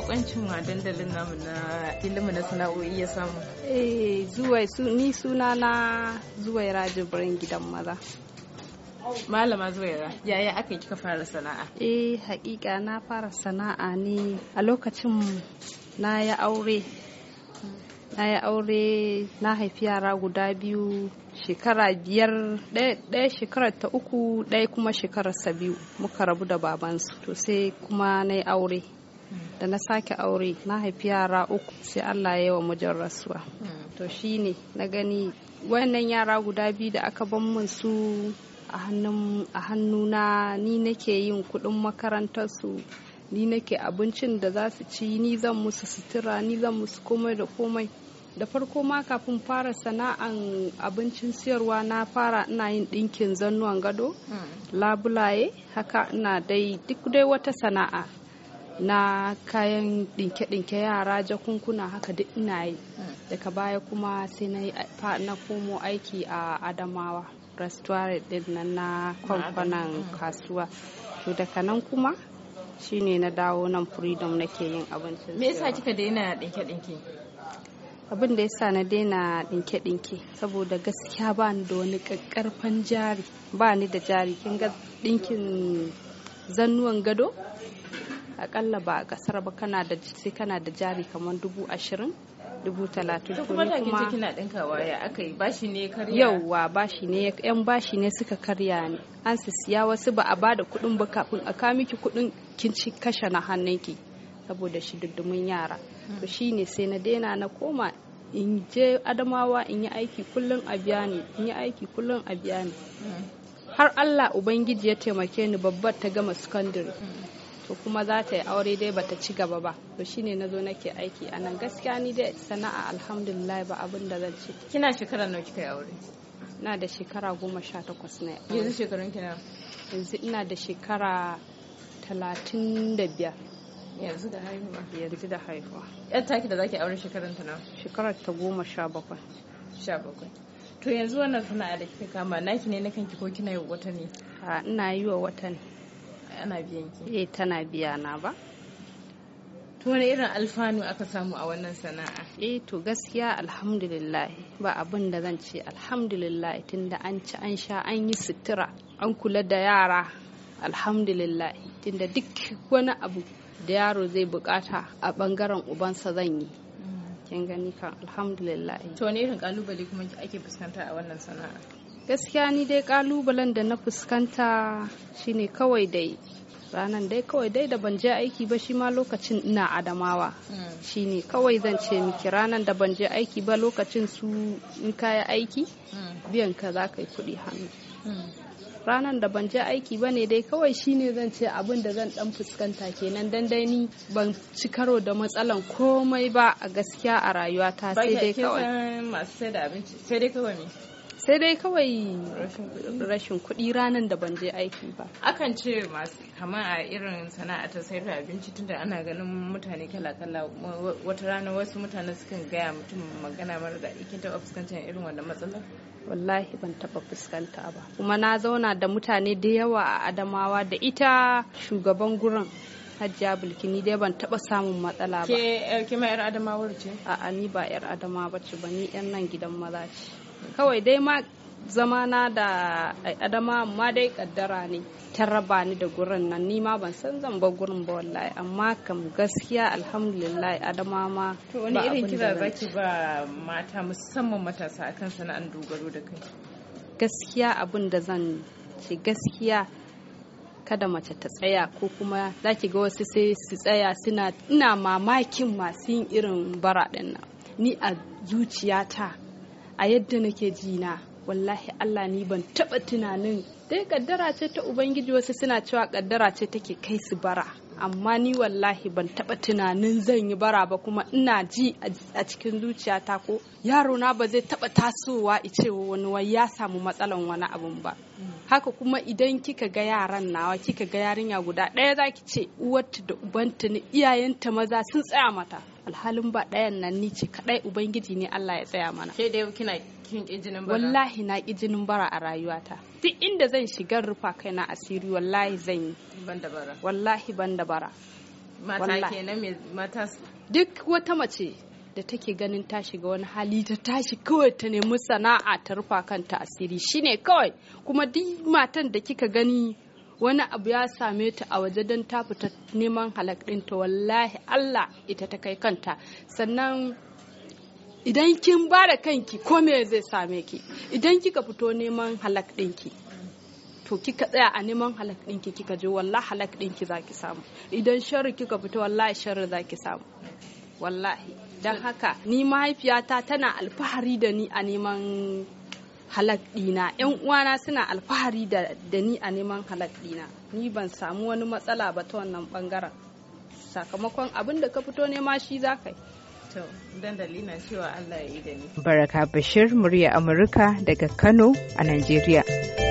bakoncin wa dandalin namu na ilimin na sana'o'i ya samu? Eh, zuwa ni suna na rajin rajibirin gidan maza. Malama zuwa ya yaya aka kika fara sana'a? Eh, hakika na fara sana'a ne a lokacin na ya aure. Na ya aure na haifi yara guda biyu shekara biyar ɗaya shekarar ta uku ɗaya kuma shekarar sa biyu muka rabu da babansu to sai kuma na yi aure da na sake aure na haifi yara uku sai Allah ya yi wa mijin rasuwa to shine na gani wannan yara guda biyu da aka ban min su a hannuna ni nake yin kudin makarantarsu ni nake abincin da za su ci ni zan musu sutura ni zan musu komai da komai da farko ma kafin fara sana'an abincin siyarwa na fara ina yin ɗinkin zannuwan gado labulaye haka ina dai duk dai wata sana'a na kayan ɗinke-ɗinke yara jakunkuna haka duk ina yi daga baya kuma sai na komo aiki a adamawa restaurant din nan na kwamfanan kasuwa to daga nan kuma shine na dawo nan freedom nake yin abincin me yasa kika daina ɗinke-ɗinke abin da yasa na daina ɗinke-ɗinke saboda gaskiya ba ni da wani ƙarƙarfan jari ba ni da jari kin ga ɗinkin zannuwan gado akalla ba a kasar ba kana da sai kana da jari kamar dubu ashirin dubu talatin to kuma kina dinkawa waya aka bashi ne karya yauwa bashi ne yan bashi ne suka karya ne an siya wasu ba a bada kuɗin ba kafin a kawo miki kuɗin kin ci kashe na hannun ki saboda shi duddumin yara to hmm. shine sai na daina na koma in je adamawa in yi aiki kullum a biya ni in yi aiki kullum a biya ni hmm. har Allah Ubangiji ya taimake ni babbar ta gama secondary hmm. to kuma za ta yi aure dai bata ci gaba ba to shine na zo nake aiki a nan gaskiya ni dai sana'a alhamdulillah ba abin da zan ci kina shekara nawa kika yi aure na da shekara goma sha takwas na yanzu shekarun kina yanzu ina da shekara talatin da biyar yanzu da haihuwa yanzu da haihuwa yan taki da zaki aure shekarun ta nawa shekarar ta goma sha bakwai sha bakwai to yanzu wannan sana'a da kika kama naki ne na kanki ko kina yi wata ne ina yi wa wata ne tana biyan ki eh tana biya na ba to wani irin alfanu aka samu a wannan sana'a eh to gaskiya alhamdulillah ba abin da zan ce alhamdulillah tunda an ci an sha an yi sutura an kula da yara alhamdulillah tunda duk wani abu da yaro zai bukata a bangaren ubansa zan yi mm. kin gani kan alhamdulillah to ne irin kalubale kuma ake fuskanta a wannan sana'a gaskiya ni dai kalubalen da na fuskanta shine kawai dai ranan dai kawai dai da ban je aiki ba shi ma lokacin ina adamawa hmm. shine kawai zan ce miki ranan da ban je aiki ba lokacin su in kaya aiki hmm. biyan ka za ka yi kuɗi hannu hmm. ranan da ban je aiki ba ne dai kawai shine zan ce abin da zan dan fuskanta kenan dan dai ni ban ci karo da matsalan komai ba a gaskiya a rayuwata sai dai kawai masu sai da abinci sai dai kawai sai dai kawai rashin kuɗi ranar da ban je aiki ba akan ce masu kama a irin sana'a ta sayar da abinci tunda ana ganin mutane kala-kala wata rana wasu mutane sukan gaya mutum magana mara da kin taɓa fuskantar irin wannan matsalar wallahi ban taɓa fuskanta ba kuma na zauna da mutane da yawa a adamawa da ita shugaban gurin Hajiya ni dai ban taba samun matsala ba. Ke eh, ke ma yar Adamawar ce? A'a ni ba yar Adama ba ce ba ni yan nan gidan maza ce. kawai dai ma zamana da adama amma dai kaddara ne ta raba ni da gurin nan ni ma ban san zan ba gurin ba wallahi amma kam gaskiya alhamdulillah adama ma to wani irin kira zaki ba mata musamman matasa akan sana'an dogaro da kai gaskiya abin da zan ce gaskiya kada mace ta tsaya ko kuma za ki ga wasu sai su tsaya suna ina mamakin masu yin irin bara nan ni a zuciyata a yadda nake ji na wallahi Allah ni ban taba tunanin dai kaddara ce ta ubangiji wasu suna cewa kaddara ce take kai su bara amma ni wallahi ban taba tunanin zan yi bara ba kuma ina ji a cikin zuciyata ko yaro na ba zai taba tasowa ice wani wai ya samu matsalan wani abun ba haka kuma idan kika ga yaran nawa kika ga yarinya guda ɗaya zaki ce uwarta da ubanta ni iyayenta maza sun tsaya mata alhalin ba ɗayan nan ni ce kaɗai ubangiji ne Allah ya tsaya mana ke da kina kin kijinin bara wallahi na kijinin bara a rayuwata duk inda zan shiga rufa kaina asiri wallahi zan yi ban da bara wallahi ban da bara mata kenan me mata duk wata mace da take ganin ta shiga wani hali ta tashi kawai ta nemi sana'a ta rufa kanta asiri shine kawai kuma duk matan da kika gani wani abu ya same ta a waje don ta fita neman halak ɗinta wallahi Allah ita ta kai kanta sannan idan kin ba da kanki ko me zai same ki idan kika fito neman halak ɗinki to kika tsaya a neman halak ɗinki kika je wallahi halak ɗinki za ki samu idan sharri kika fito wallahi sharri za ki samu wallahi don haka ni mahaifiyata tana alfahari da ni a neman halak dina yan uwana suna alfahari da, ni a neman halak dina ni ban samu wani matsala ba ta wannan bangaren sakamakon abin da ka fito nema shi za ka yi to dan cewa Allah ya yi da ni baraka bashir murya amurka daga kano a najeriya